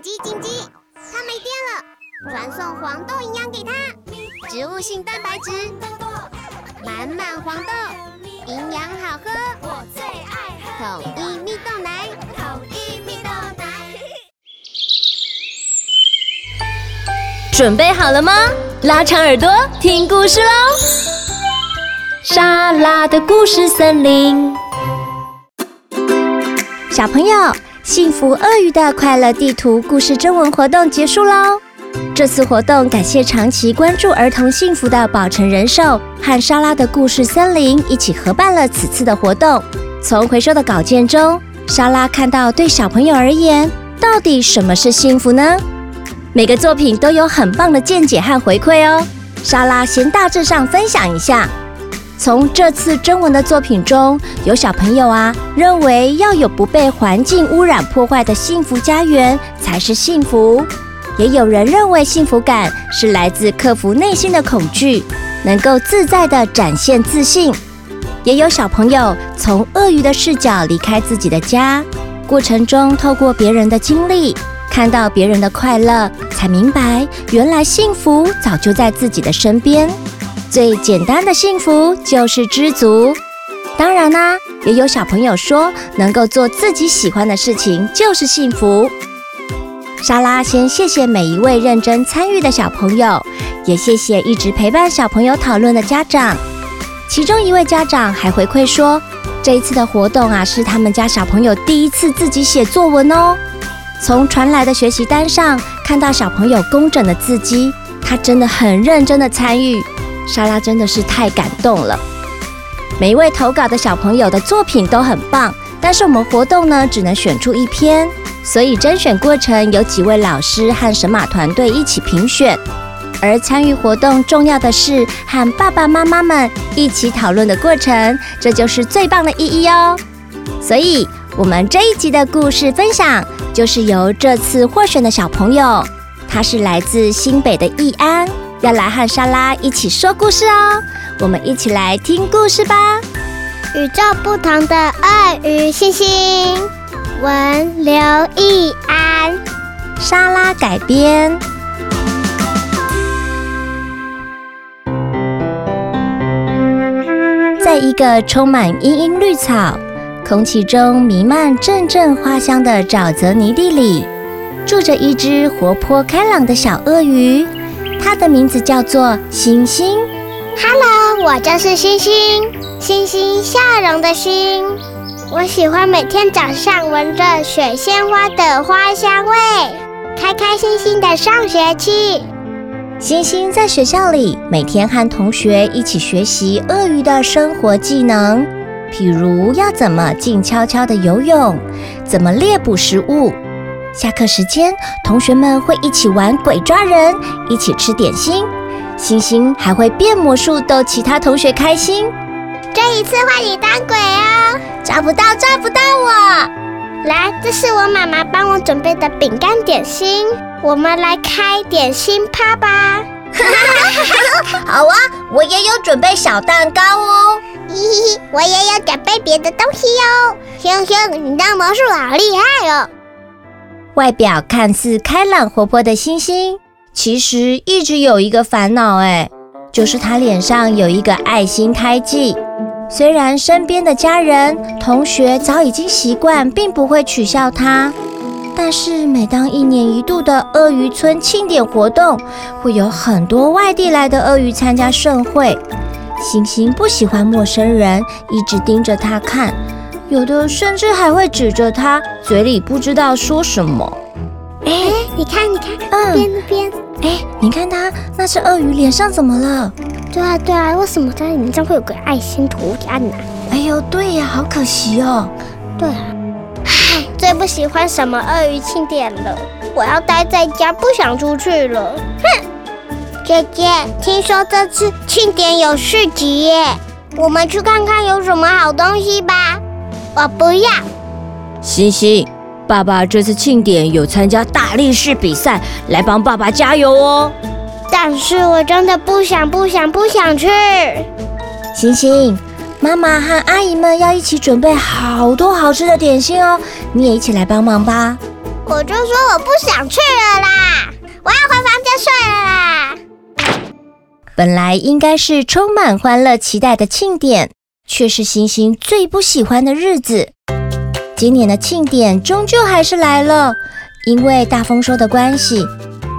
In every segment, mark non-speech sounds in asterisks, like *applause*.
緊急！緊急！它沒電了，傳送黃豆營養給它，植物性蛋白質，滿滿黃豆，營養好喝，我最愛喝統一蜜豆奶，統一蜜豆奶。 *laughs* 準備好了嗎？拉長耳朵聽故事嘍！Yeah! 莎拉的故事森林，小朋友。幸福鱷魚的快樂地圖故事徵文活動結束嘍！這次活動感謝長期關注兒童幸福的保誠人壽和莎拉的故事森林一起合辦了此次的活動。從回收的稿件中，莎拉看到對小朋友而言，到底什麼是幸福呢？每個作品都有很棒的見解和回饋哦。莎拉先大致上分享一下。從這次徵文的作品中，有小朋友啊認為要有不被環境污染破壞的幸福家園才是幸福，也有人認為幸福感是來自克服內心的恐懼，能夠自在地展現自信。也有小朋友從鱷魚的視角離開自己的家，過程中透過別人的經歷，看到別人的快樂，才明白原來幸福早就在自己的身邊。最簡單的幸福就是知足。當然啦、啊，也有小朋友說，能夠做自己喜歡的事情就是幸福。莎拉先謝謝每一位認真參與的小朋友，也謝謝一直陪伴小朋友討論的家長。其中一位家長還回饋說，這一次的活動啊，是他們家小朋友第一次自己寫作文哦。從傳來的學習單上看到小朋友工整的字跡，他真的很認真的參與。莎拉真的是太感動了。每一位投稿的小朋友的作品都很棒，但是我們活動呢，只能選出一篇，所以甄選過程有幾位老師和神馬團隊一起評選。而參與活動重要的是和爸爸媽媽們一起討論的過程，這就是最棒的意義哦。所以，我們這一集的故事分享就是由這次獲選的小朋友，他是來自新北的佾安。要來和莎拉一起說故事哦，我們一起來聽故事吧。與眾不同的鱷魚欣欣，文劉佾安，莎拉改編。在一個充滿茵茵綠草、空氣中彌漫陣陣花香的沼澤泥地裡，住着一隻活潑開朗的小鱷魚。它的名字叫做欣欣。Hello，我就是欣欣。欣欣笑容的欣，我喜歡每天早上聞着水仙花的花香味，開開心心的上學去。欣欣在學校裡每天和同學一起學習鱷魚的生活技能，比如要怎麼靜悄悄的游泳，怎麼獵捕食物。下課時間，同學們會一起玩鬼抓人，一起吃點心。欣欣還會變魔術，逗其他同學開心。這一次換你當鬼哦，抓不到，抓不到我！來，這是我媽媽幫我準備的餅乾點心，我們來開點心趴吧。 *laughs* *laughs* 好啊，我也有準備小蛋糕哦。嘿嘿 *laughs* 我也有準備別的東西喲、哦。欣欣，你的魔術好厲害哦！外表看似開朗活潑的欣欣，其實一直有一個煩惱誒，就是他臉上有一個愛心胎記。雖然身邊的家人、同學早已經習慣，並不會取笑他，但是每當一年一度的鱷魚村慶典活動，會有很多外地來的鱷魚參加盛會，欣欣不喜歡陌生人，一直盯着他看。有的甚至還會指着他，嘴裡不知道說什麼。哎，你看，你看，那邊、嗯、那邊。哎，你看他那隻鱷魚臉上怎麼了？對啊，對啊，為什麼它臉上會有個愛心圖案、啊、呢？哎呦，對呀、啊，好可惜哦。對啊。唉，最不喜歡什麼鱷魚慶典了，我要待在家，不想出去了。哼，姐姐，聽說這次慶典有市集耶，我們去看看有什麼好東西吧。我不要，星星，爸爸這次慶典有參加大力士比賽，來幫爸爸加油哦。但是我真的不想不想不想去。星星，媽媽和阿姨們要一起準備好多好吃的點心哦，你也一起來幫忙吧。我就說我不想去了啦，我要回房間睡了啦。本來應該是充滿歡樂期待的慶典，卻是欣欣最不喜歡的日子。今年的慶典終究還是來了，因為大豐收的關係，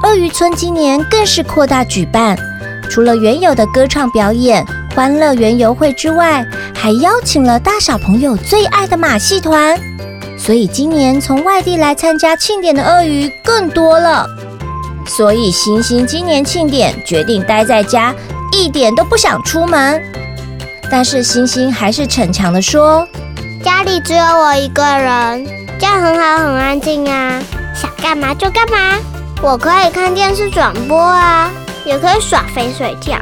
鱷魚村今年更是擴大舉辦。除了原有的歌唱表演、歡樂園遊會之外，還邀請了大小朋友最愛的馬戲團。所以今年從外地來參加慶典的鱷魚更多了。所以欣欣今年慶典決定待在家，一點都不想出門。但是欣欣還是逞強地說：“家裡只有我一個人，這樣很好，很安靜啊，想幹嘛就幹嘛。我可以看電視轉播啊，也可以耍廢睡覺。”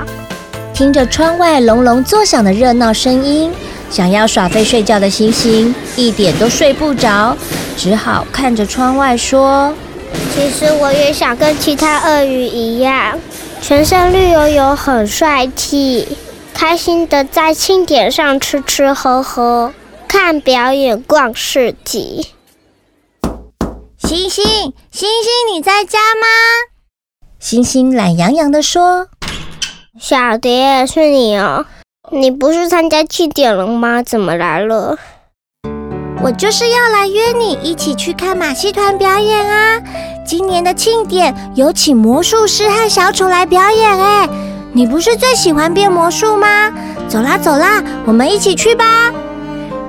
聽着窗外隆隆作響的熱鬧聲音，想要耍廢睡覺的欣欣一點都睡不着，只好看着窗外說：“其實我也想跟其他鱷魚一樣，全身綠油油，很帥氣。”開心的在慶典上吃吃喝喝，看表演逛，逛市集。星星，星星，你在家嗎？星星懶洋洋的說：“小蝶，是你哦，你不是參加慶典了嗎？怎麼來了？”我就是要來約你一起去看馬戲團表演啊！今年的慶典有請魔術師和小丑來表演，哎。你不是最喜歡變魔術嗎？走啦走啦，我們一起去吧。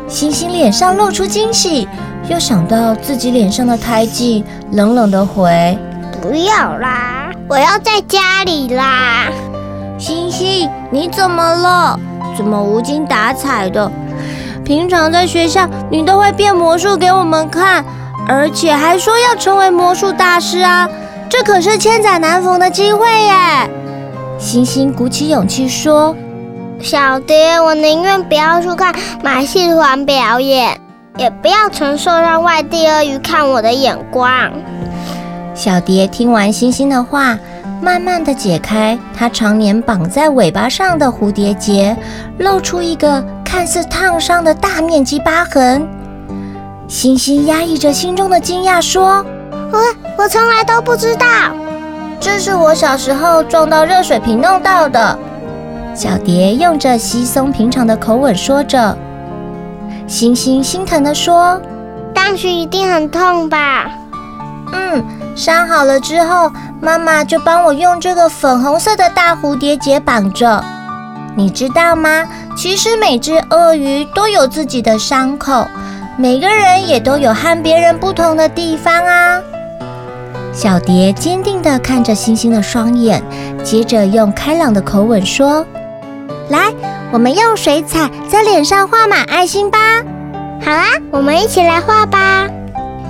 欣欣臉上露出驚喜，又想到自己臉上的胎記，冷冷地回：不要啦，我要在家裡啦。欣欣，你怎麼了？怎麼無精打采的？平常在學校你都會變魔術給我們看，而且還說要成為魔術大師啊，這可是千載難逢的機會耶！欣欣鼓起勇氣說：“小蝶，我寧願不要去看馬戲團表演，也不要承受讓外地鱷魚看我的眼光。”小蝶聽完欣欣的話，慢慢的解開她常年綁在尾巴上的蝴蝶結，露出一個看似燙傷的大面積疤痕。欣欣壓抑着心中的驚訝說：“我、哦、我從來都不知道。”這是我小時候撞到熱水瓶弄到的。」小蝶用着稀鬆平常的口吻說着。欣欣心疼地說：“當時一定很痛吧？”“嗯，傷好了之後，媽媽就幫我用這個粉紅色的大蝴蝶結綁着。你知道嗎？其實每只鱷魚都有自己的傷口，每個人也都有和別人不同的地方啊。”小蝶堅定地看着欣欣的雙眼，接着用開朗的口吻說：“來，我們用水彩在臉上畫滿愛心吧！好啊，我們一起來畫吧。”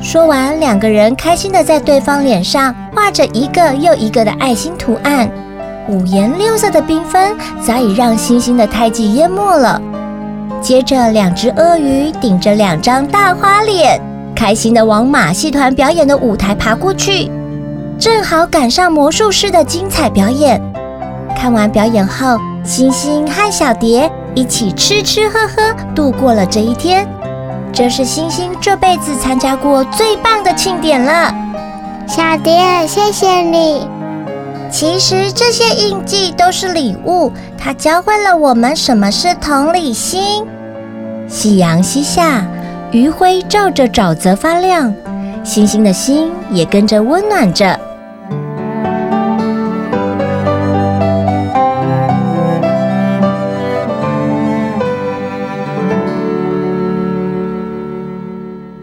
說完，兩個人開心地在對方臉上畫着一個又一個的愛心圖案，五顏六色的繽紛早已讓欣欣的胎記淹沒了。接着，兩隻鱷魚頂着兩張大花臉。開心的往馬戲團表演的舞台爬過去，正好趕上魔術師的精彩表演。看完表演後，欣欣和小蝶一起吃吃喝喝，度過了這一天。這是欣欣這輩子參加過最棒的慶典了。小蝶，謝謝你。其實這些印記都是禮物，它教會了我們什麼是同理心。夕陽西下。餘暉照着沼澤發亮，欣欣的心也跟着溫暖着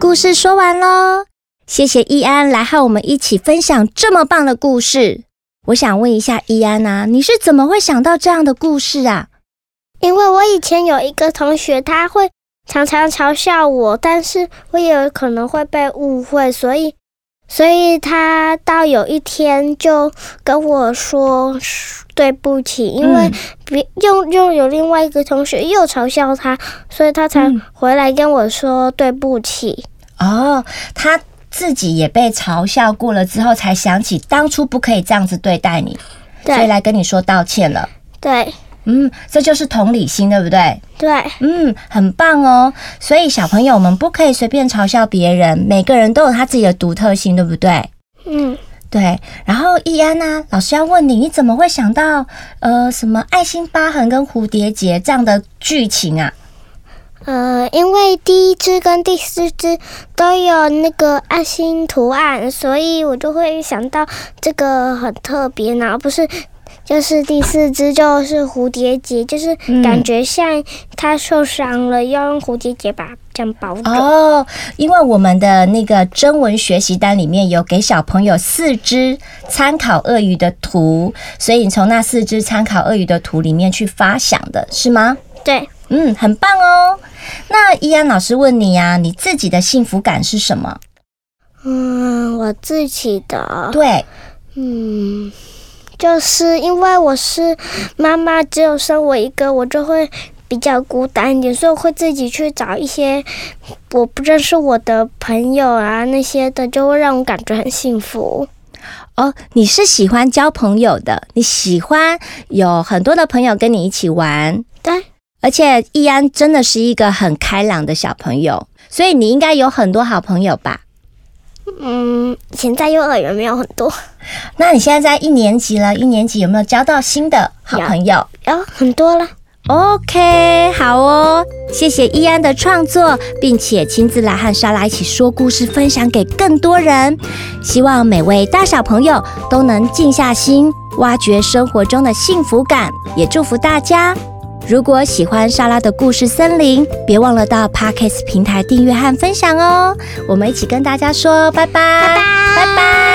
故事說完嘍，謝謝佾安來和我們一起分享這麼棒的故事。我想問一下佾安啊，你是怎麼會想到這樣的故事啊？因為我以前有一個同學，他會。常常嘲笑我，但是我也有可能會被誤會，所以，所以他到有一天就跟我說對不起，因為別又又有另外一個同學又嘲笑他，所以他才回來跟我說對不起。嗯、哦，他自己也被嘲笑過了之後，才想起當初不可以這樣子對待你，對所以來跟你說道歉了。對。嗯，這就是同理心，對不對？對，嗯，很棒哦。所以小朋友們不可以隨便嘲笑別人，每個人都有他自己的獨特性，對不對？嗯，對。然後佾安呢、啊，老師要問你，你怎麼會想到呃什麼愛心疤痕跟蝴蝶結這樣的劇情啊？呃，因為第一只跟第四只都有那個愛心圖案，所以我就會想到這個很特別，然後不是。就是第四隻，就是蝴蝶結，就是感覺像它受傷了，嗯、要用蝴蝶結把它這樣包住。哦，因為我們的那個徵文學習單裡面有給小朋友四隻參考鱷魚的圖，所以你從那四隻參考鱷魚的圖裡面去發想的是嗎？對，嗯，很棒哦。那佾安老師問你呀、啊，你自己的幸福感是什麼？嗯，我自己的。對，嗯。就是因為我是媽媽只有生我一個，我就會比較孤單一點，所以我會自己去找一些我不認識我的朋友啊那些的，就會讓我感覺很幸福。哦，你是喜歡交朋友的，你喜歡有很多的朋友跟你一起玩？對。而且佾安真的是一個很開朗的小朋友，所以你應該有很多好朋友吧？嗯，以前在幼兒園沒有很多。 *laughs* 那你現在在一年級了，一年級有沒有交到新的好朋友？有很多了。OK，好哦，謝謝佾安的創作，並且親自來和莎拉一起說故事，分享給更多人。希望每位大小朋友都能靜下心，挖掘生活中的幸福感，也祝福大家。如果喜歡莎拉的故事森林，別忘了到 Podcast 平台訂閱和分享哦！我們一起跟大家說拜拜，拜拜，拜拜。拜拜拜拜。